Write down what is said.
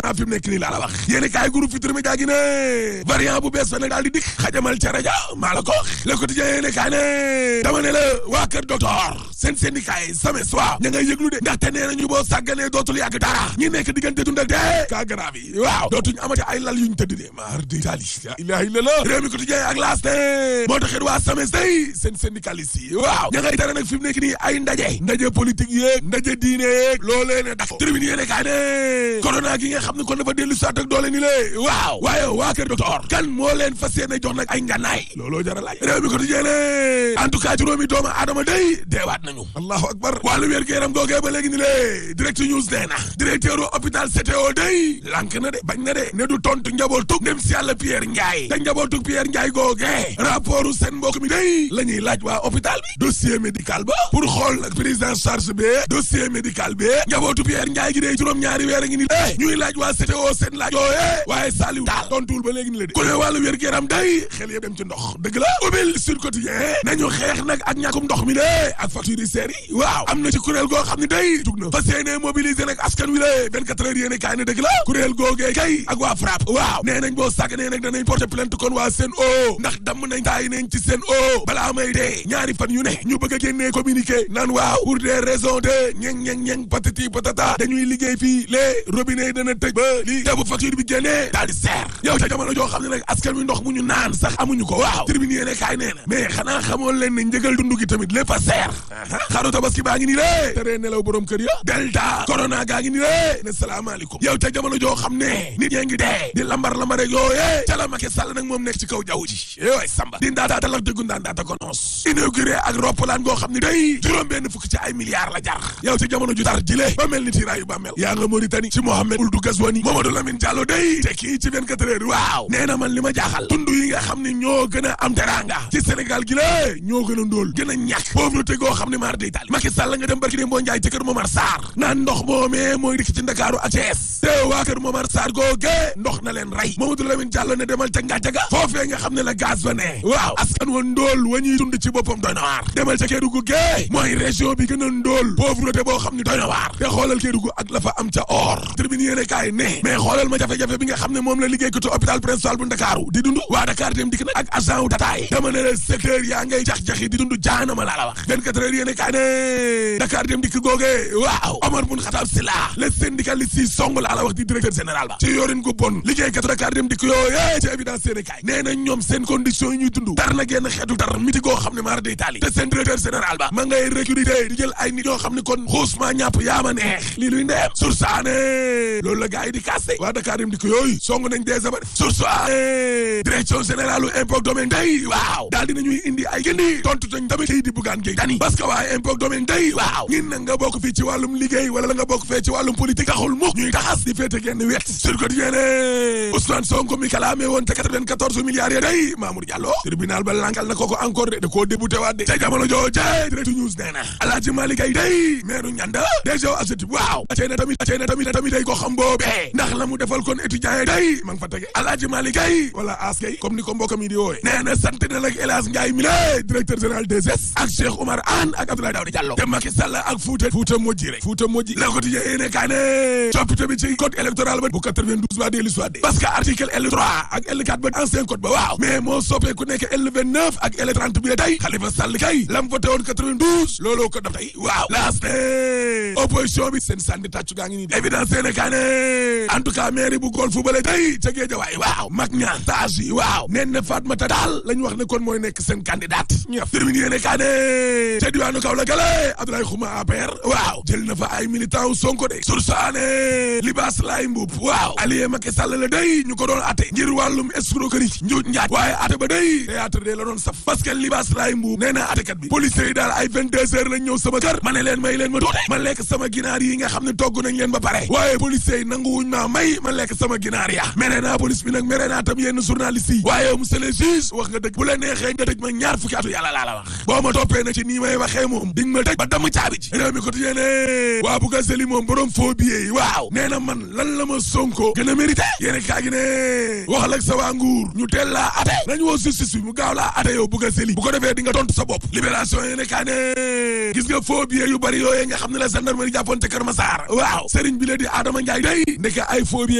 permanent fi mu nekk nii laa la wax yéen kaay groupe Futurs Médias gi ne variant bu bees ba nag daal di dikk xajamal ca rajo maa la ko wax le quotidien yéen kaay ne dama ne la waa kër docteur seen syndicat yi same soi ña ngay yëglu de ndaxte nee nañu boo sàgganee dootul yàgg dara ñi nekk diggante dund ak dee cas grave yi waaw dootuñu amati ay lal yuñ tëdd de maar di tali ilahi la la réew mi quotidien ak ndaje diine yeeg loolee ne daf tribune yéene kaa ne corona gi nga xam ne kon dafa dellu saat doole ni lée waaw waaye waa kër kan moo leen fas yéene jox nag ay ngànnaay looloo jara laaj réew mi quotidien ne en tout cas juróomi doomu aadama day nañu allahu akbar wàllu wér gu yaram googee ba léegi ni lée direct news nee na directeur u hôpital CTO day lànk na de bañ na de ne tontu njabootug dem si yàlla Pierre Ndiaye te njabootug Pierre Ndiaye googee rapportu seen mbokk mi day la ñuy laaj waa hôpital dossier médical ba pour xool nag prise en charge bi dossier médical bi njabootu Pierre Ndiaye gi day juróom-ñaari weer a ngi ni lée ñuy laaj waa CTO seen laaj yooye waaye Saliou tontuwul ba léegi ni la de ku ne wàllu wér gu yaram day xel yëpp dem ci ndox dëgg la ubbil Sud Quotidien nañu ministère waaw am na ci kuréel goo xam ne day jug na fas yéene mobiliser nag askan wi la 24 heures kaay ne dëgg la kuréel googee kay ak FRAPP waaw nee nañ boo sàgganee nag danañ porter plainte kon waa seen o ndax damm nañ taay nañ ci seen o balaa may dee ñaari fan yu ne ñu bëgg a génnee communiqué waaw pour des raisons de ñeng ñeng ñeng patata dañuy liggéey fii les robinet dana tëj ba lii tebu facture bi génnee daal di seer yow ca jamono joo xam ne askan wi ndox a seer xaru tabaski baa ngi nii lée teree nelaw borom kër ya delta corona gaa ngi nii lée ne salaamaaleykum yow te jamono joo xam ne nit ñee ngi dee di lambar lambar rek yooye ca la Macky Sall nag moom nekk ci kaw jaww ji waay samba di ndaataata la dëggu ndaandaata konoos inauguré ak roppalaan goo xam ne day juróom benn fukk ci ay milliards la jar yow te jamono ju tar jile ba mel ni tiraayu ba mel yaa nga Mauritanie ci Mohamed Ould Ghazouani Mamadou Lamine Diallo day te kii ci 24 heures waaw nee man li ma jaaxal a am gi lée ñoo gën a a ne maar day taal Macky Sall nga dem barki dee mboo njaay ci kër Momar Sarr naan ndox moomee mooy dikk ci Ndakaaru ak Thiès te waa kër Momar Sarr googe ndox na leen rey Mamadou Lamine Diallo ne demal ca Ngadiaga foofee nga xam ne la gaz ba ne waaw askan wa ndóol wa ñuy dund ci boppam doy na waar demal ca Kédougou gee mooy région bi gën a ndóol pauvreté boo xam ne doy na waar te xoolal Kédougou ak la fa am ca or tribune kaay ne mais xoolal ma jafe-jafe bi nga xam yéene kaay ne Dakar la le syndicaliste yi song laa la wax di directeur général ba ci yorin gu bon liggéeykatu Dakar dem dikk yooyee ci ay nit yoo xam ne kon xuusmaa ñàpp yaama neex lii luy ndeem sur saane loolu la gars yi di kaste waa Dakar dem dikk yooyu song nañ des waa impôt domaine day waaw ñin na nga bokk fii ci wàllum liggéey wala la nga bokk fee ci wàllum politique taxul mukk ñuy taxas di féete genn wet sur quotidien Ousmane Sonko mi kalaamee woon te 94 milliards day Mamour Diallo tribunal ba na koko encore de da koo débuté waat de ca jamono jooje news nee na Alaaji Malick day meeru ñanda dèjà aseti waaw acey tamit acey tamit day ko xam boobee ndax la mu defal kon étudiant day ma fa tege Alaaji Malick Gaye ak Abdoulaye Daouda Diallo te Macky Sall ak Fouta Fouta mojji rek Fouta mojji la ko tijee yéene kaa ne coppite bi ci code électoral ba bu 92 ba dellu soit de parce que article ak L4 ba ba waaw mais moo soppee ku nekk L29 ak l bi tey Khalifa Sall kay lam voté woon 92 looloo ko def tey waaw laas ne bi seen sànni tàccu gaa nii évidence yéene kaa ne en tout bu Golf ba la ca Guédiawaye waaw waaw diwaanu Kaolack gale Abdoulaye Xuma APR waaw jël na fa ay militant wu Sonko de sur libaas laay mbuub waaw allié Macky Sall la day ñu ko doon atte ngir wàllum escroquerie njuuj njaaj waaye atte ba day théâtre de la doon saf parce que libaas laay mbuub nee na attekat bi policiers yi daal ay 22 heures lañ ñëw sama kër ma leen may leen ma tuute ma lekk sama ginaar yi nga xam ne togg nañ leen ba pare waaye policiers yi nanguwuñ maa may ma lekk sama ginaar le juge wax nga dëgg bu la neexee nga dëj ma waaye moom di nga ma tëj ba damm caabi ji réew mi ko yéene waa bu gaseli moom borom faux waaw nee na man lan la ma sonko gën a mérité yéene kaa ne waxal ak sa waa nguur ñu teel laa ate nañ woo justice mu gaaw laa ate yow bu gaseli bu ko defee di nga tontu sa bopp libération yéene kaa ne gis nga faux billets yu bari yooyee nga xam ne la gendarmerie jàppoon te Kër Massar waaw sëriñ bi di Adama Ndiaye day ndeke ay faux